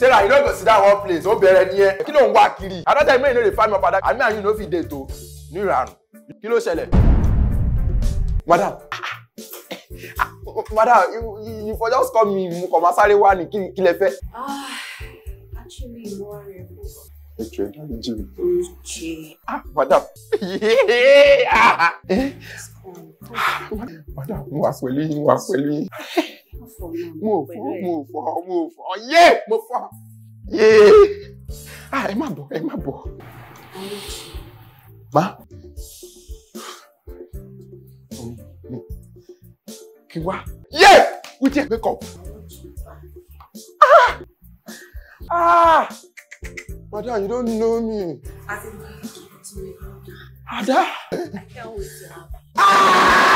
sarah you no go sit down one place ó bẹ̀rẹ̀ ní ẹ kí ló ń wá kiri adájọ́ ìmọ̀ ìnáwó fámi ọ̀padà àmì àyìn ló fi dé ètò ní ìrànù kí ló ṣẹlẹ̀ madam madam you you just call me mo kàn máa sáré wá ah, actually mo wá ah, madam ah, madam mo mo fọ́ mo fọ́ mo fọ́ yé mo fọ́ yé ah ẹ má bọ̀ ẹ má bọ̀. bá kí wá yé wí tí ẹ gbé kọ. Ah! Madam, ah! you don't know me. Ada. Ah!